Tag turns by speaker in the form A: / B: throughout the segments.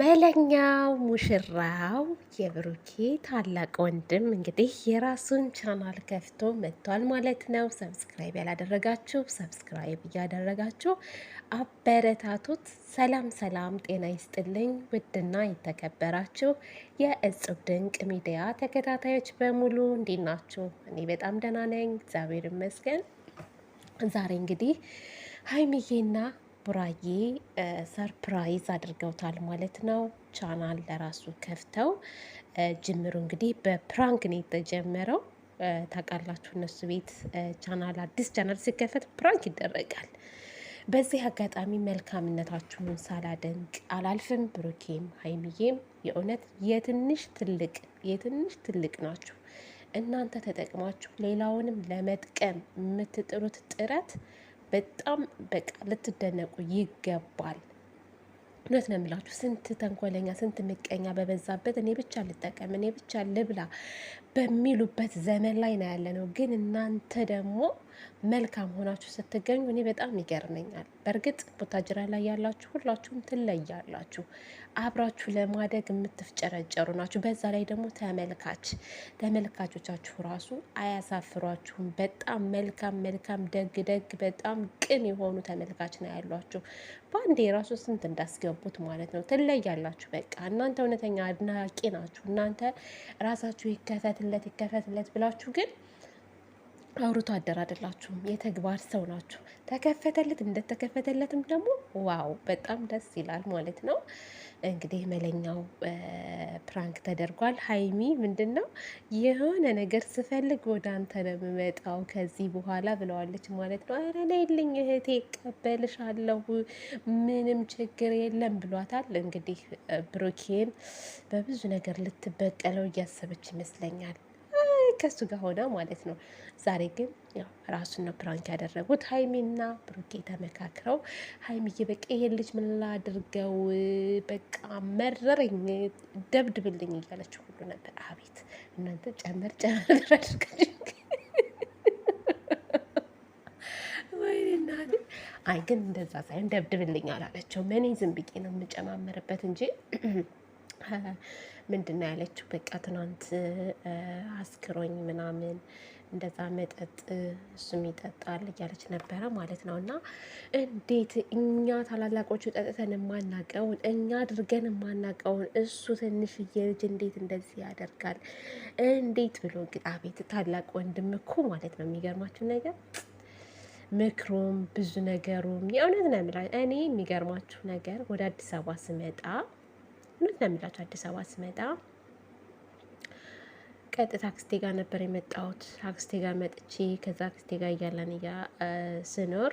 A: መለኛው ሙሽራው የብሩኬ ታላቅ ወንድም እንግዲህ የራሱን ቻናል ከፍቶ መጥቷል ማለት ነው። ሰብስክራይብ ያላደረጋችሁ ሰብስክራይብ እያደረጋችሁ አበረታቱት። ሰላም ሰላም፣ ጤና ይስጥልኝ ውድና የተከበራችሁ የእጽብ ድንቅ ሚዲያ ተከታታዮች በሙሉ እንዴት ናችሁ? እኔ በጣም ደህና ነኝ፣ እግዚአብሔር ይመስገን። ዛሬ እንግዲህ ሀይሚዬና ቡራዬ ሰርፕራይዝ አድርገውታል ማለት ነው። ቻናል ለራሱ ከፍተው ጅምሩ እንግዲህ በፕራንክ ነው የተጀመረው። ታውቃላችሁ እነሱ ቤት ቻናል አዲስ ቻናል ሲከፈት ፕራንክ ይደረጋል። በዚህ አጋጣሚ መልካምነታችሁን ሳላደንቅ አላልፍም። ብሩኬም ሀይሚዬም የእውነት የትንሽ ትልቅ የትንሽ ትልቅ ናችሁ። እናንተ ተጠቅማችሁ ሌላውንም ለመጥቀም የምትጥሩት ጥረት በጣም በቃ ልትደነቁ ይገባል። እውነት ነው የምላችሁ። ስንት ተንኮለኛ ስንት ምቀኛ በበዛበት እኔ ብቻ ልጠቀም፣ እኔ ብቻ ልብላ በሚሉበት ዘመን ላይ ነው ያለ ነው። ግን እናንተ ደግሞ መልካም ሆናችሁ ስትገኙ እኔ በጣም ይገርመኛል። በእርግጥ ቡታጅራ ላይ ያላችሁ ሁላችሁም ትለያላችሁ። አብራችሁ ለማደግ የምትፍጨረጨሩ ናችሁ። በዛ ላይ ደግሞ ተመልካች ተመልካቾቻችሁ ራሱ አያሳፍሯችሁም። በጣም መልካም መልካም ደግ ደግ በጣም ቅን የሆኑ ተመልካች ነው ያሏችሁ። በአንዴ ራሱ ስንት እንዳስገቡት ማለት ነው። ትለያላችሁ። በቃ እናንተ እውነተኛ አድናቂ ናችሁ። እናንተ ራሳችሁ ይከፈት ይከፈትለት ይከፈትለት ብላችሁ ግን አውርቶ አደር አይደላችሁም። የተግባር ሰው ናችሁ። ተከፈተለት እንደተከፈተለትም ደግሞ ዋው በጣም ደስ ይላል ማለት ነው። እንግዲህ መለኛው ፕራንክ ተደርጓል። ሀይሚ ምንድን ነው የሆነ ነገር ስፈልግ ወደ አንተ ነው የምመጣው ከዚህ በኋላ ብለዋለች ማለት ነው። ኧረ ነይልኝ እህቴ እቀበልሻለሁ፣ ምንም ችግር የለም ብሏታል። እንግዲህ ብሩኬን በብዙ ነገር ልትበቀለው እያሰበች ይመስለኛል። ከሱ ጋር ሆና ማለት ነው። ዛሬ ግን ያው ራሱን ነው ፕራንክ ያደረጉት። ሀይሚና ብሩኬ ተመካክረው ሀይሚዬ በቃ ይሄን ልጅ ምን ላድርገው በቃ መረረኝ፣ ደብድብልኝ እያለችው ሁሉ ነበር። አቤት እናንተ ጨመር ጨመር አድርጋችሁ አይ ግን እንደዛ ሳይሆን ደብድብልኝ አላለችው። እኔ ዝም ብዬ ነው የምጨማመርበት እንጂ ምንድን ነው ያለችው? በቃ ትናንት አስክሮኝ ምናምን እንደዛ መጠጥ እሱም ይጠጣል እያለች ነበረ ማለት ነው። እና እንዴት እኛ ታላላቆቹ ጠጥተን የማናቀውን እኛ አድርገን የማናቀውን እሱ ትንሽዬ ልጅ እንዴት እንደዚህ ያደርጋል? እንዴት ብሎ እንግዲህ አቤት ታላቅ ወንድም እኮ ማለት ነው። የሚገርማችሁ ነገር ምክሩም ብዙ ነገሩም የእውነት ነው የምላ እኔ የሚገርማችሁ ነገር ወደ አዲስ አበባ ስመጣ እውነት ነው አዲስ አበባ ስመጣ ቀጥታ አክስቴ ጋር ነበር የመጣሁት። አክስቴ ጋር መጥቼ ከዛ አክስቴ ጋር እያለን እያ ስኖር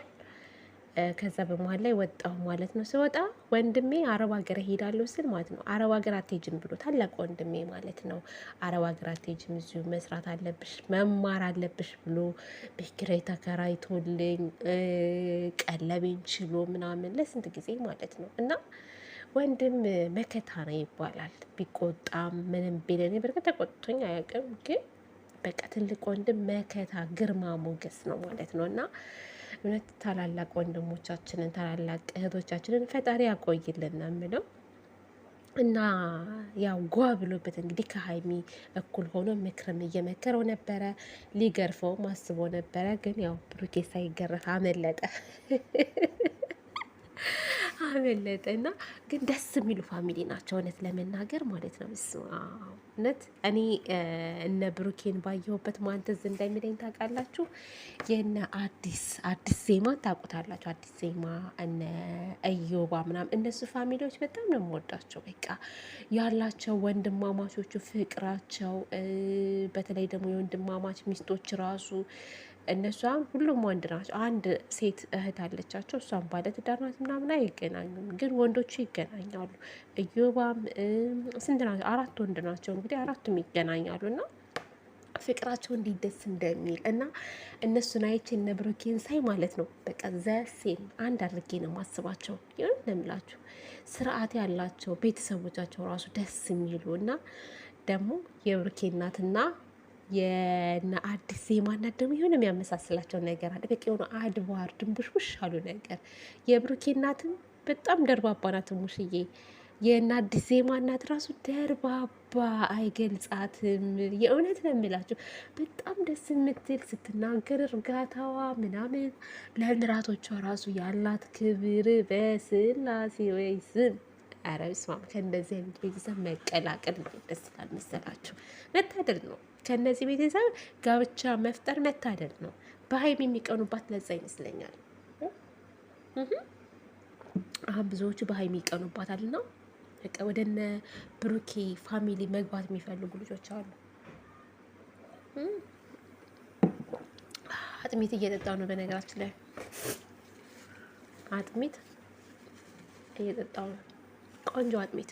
A: ከዛ በመሀል ላይ ወጣሁ ማለት ነው። ስወጣ ወንድሜ አረብ ሀገር እሄዳለሁ ስል ማለት ነው አረብ ሀገር አትሄጂም ብሎ ታላቅ ወንድሜ ማለት ነው አረብ ሀገር አትሄጂም፣ እዚሁ መስራት አለብሽ፣ መማር አለብሽ ብሎ ቤት ኪራይ ተከራይቶልኝ ቀለቤን ችሎ ምናምን ለስንት ጊዜ ማለት ነው እና ወንድም መከታ ነው ይባላል። ቢቆጣም ምንም ቢለን በርግጥ ተቆጥቶኝ አያውቅም፣ ግን በቃ ትልቅ ወንድም መከታ ግርማ ሞገስ ነው ማለት ነው እና እውነት ታላላቅ ወንድሞቻችንን ታላላቅ እህቶቻችንን ፈጣሪ ያቆይልን ነው የምለው። እና ያው ጓ ብሎበት እንግዲህ ከሀይሚ እኩል ሆኖ ምክርም እየመከረው ነበረ። ሊገርፈውም አስቦ ነበረ፣ ግን ያው ብሩኬ ሳይገረፍ አመለጠ። አመለጠ እና ግን ደስ የሚሉ ፋሚሊ ናቸው፣ እውነት ለመናገር ማለት ነው። እሱ እውነት እኔ እነ ብሩኬን ባየሁበት ማንተዝ እንደሚለኝ ታውቃላችሁ። የነ አዲስ አዲስ ዜማ ታውቁታላችሁ። አዲስ ዜማ እነ እዮባ ምናምን እነሱ ፋሚሊዎች በጣም ነው የምወዳቸው። በቃ ያላቸው ወንድማማቾቹ ፍቅራቸው፣ በተለይ ደግሞ የወንድማማች ሚስቶች ራሱ እነሷም ሁሉም ወንድ ናቸው። አንድ ሴት እህት አለቻቸው። እሷም ባለትዳር ናት ምናምን አይገናኙም፣ ግን ወንዶቹ ይገናኛሉ። እዮባም ስንት ናቸው? አራት ወንድ ናቸው። እንግዲህ አራቱም ይገናኛሉ እና ፍቅራቸው እንዴት ደስ እንደሚል እና እነሱን አይቼ እነ ብሩኬን ሳይ ማለት ነው በቃ ዘሴም አንድ አድርጌ ነው ማስባቸው። ይሁን ለምላችሁ ስርዓት ያላቸው ቤተሰቦቻቸው ራሱ ደስ የሚሉ እና ደግሞ የብሩኬ እናትና የነ አዲስ ዜማና ደግሞ የሆነ የሚያመሳስላቸው ነገር አለ። በቂ የሆነ አድባር ድንቡሽቡሽ አሉ ነገር የብሩኬ እናትም በጣም ደርባባ ናት። ሙሽዬ የነ አዲስ ዜማ እናት ራሱ ደርባባ አይገልጻትም። የእውነት ነው የምላችሁ በጣም ደስ የምትል ስትናገር እርጋታዋ ምናምን ለምራቶቿ ራሱ ያላት ክብር በስላሴ ወይ ስም አረ በስመ አብ ከእንደዚህ አይነት ቤተሰብ መቀላቀል እንዴት ደስ ይላል መሰላችሁ? መታደል ነው። ከእነዚህ ቤተሰብ ጋብቻ መፍጠር መታደል ነው። በሀይም የሚቀኑባት ለዛ ይመስለኛል። አሁን ብዙዎቹ በሀይም ይቀኑባታል ነው በቃ ወደ ብሩኬ ፋሚሊ መግባት የሚፈልጉ ልጆች አሉ። አጥሚት እየጠጣ ነው። በነገራችን ላይ አጥሚት እየጠጣ ነው። ቆንጆ አጥሚት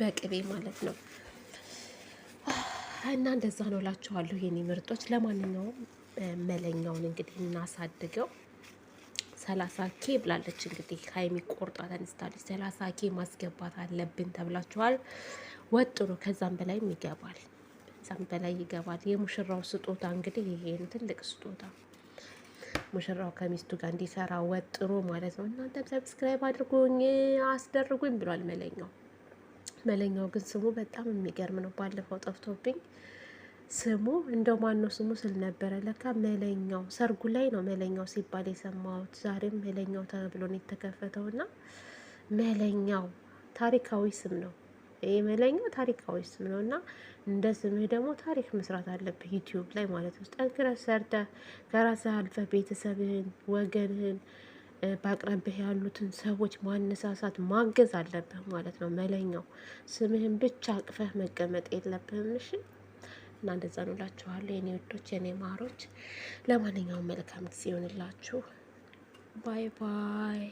A: በቅቤ ማለት ነው። እና እንደዛ ነው ላችኋለሁ የኔ ምርጦች። ለማንኛውም መለኛውን እንግዲህ እናሳድገው። ሰላሳ ኬ ብላለች እንግዲህ ሀይሚ ቆርጣ ተነስታለች። ሰላሳ ኬ ማስገባት አለብን ተብላችኋል። ወጥሩ ከዛም በላይም ይገባል፣ ከዛም በላይ ይገባል። የሙሽራው ስጦታ እንግዲህ ይሄ ነው ትልቅ ስጦታ። ሙሽራው ከሚስቱ ጋር እንዲሰራ ወጥሮ ማለት ነው። እናንተም ሰብስክራይብ አድርጎኝ አስደርጉኝ ብሏል መለኛው። መለኛው ግን ስሙ በጣም የሚገርም ነው። ባለፈው ጠፍቶብኝ ስሙ እንደ ማን ነው ስሙ ስል ነበረ። ለካ መለኛው ሰርጉ ላይ ነው መለኛው ሲባል የሰማሁት። ዛሬም መለኛው ተብሎ ነው የተከፈተውና መለኛው ታሪካዊ ስም ነው። የመለኛ ታሪካዊ ስም ነው እና እንደ ስምህ ደግሞ ታሪክ መስራት አለብህ ዩቲዩብ ላይ ማለት ነው። ጠንክረህ ሰርተህ ከራስህ አልፈህ ቤተሰብህን፣ ወገንህን በአቅራቢህ ያሉትን ሰዎች ማነሳሳት ማገዝ አለብህ ማለት ነው። መለኛው ስምህን ብቻ አቅፈህ መቀመጥ የለብህም። እሺ እና እንደዛ ነው እላችኋለሁ የኔ ውዶች፣ የኔ ማሮች። ለማንኛውም መልካም ጊዜ ይሆንላችሁ። ባይ ባይ።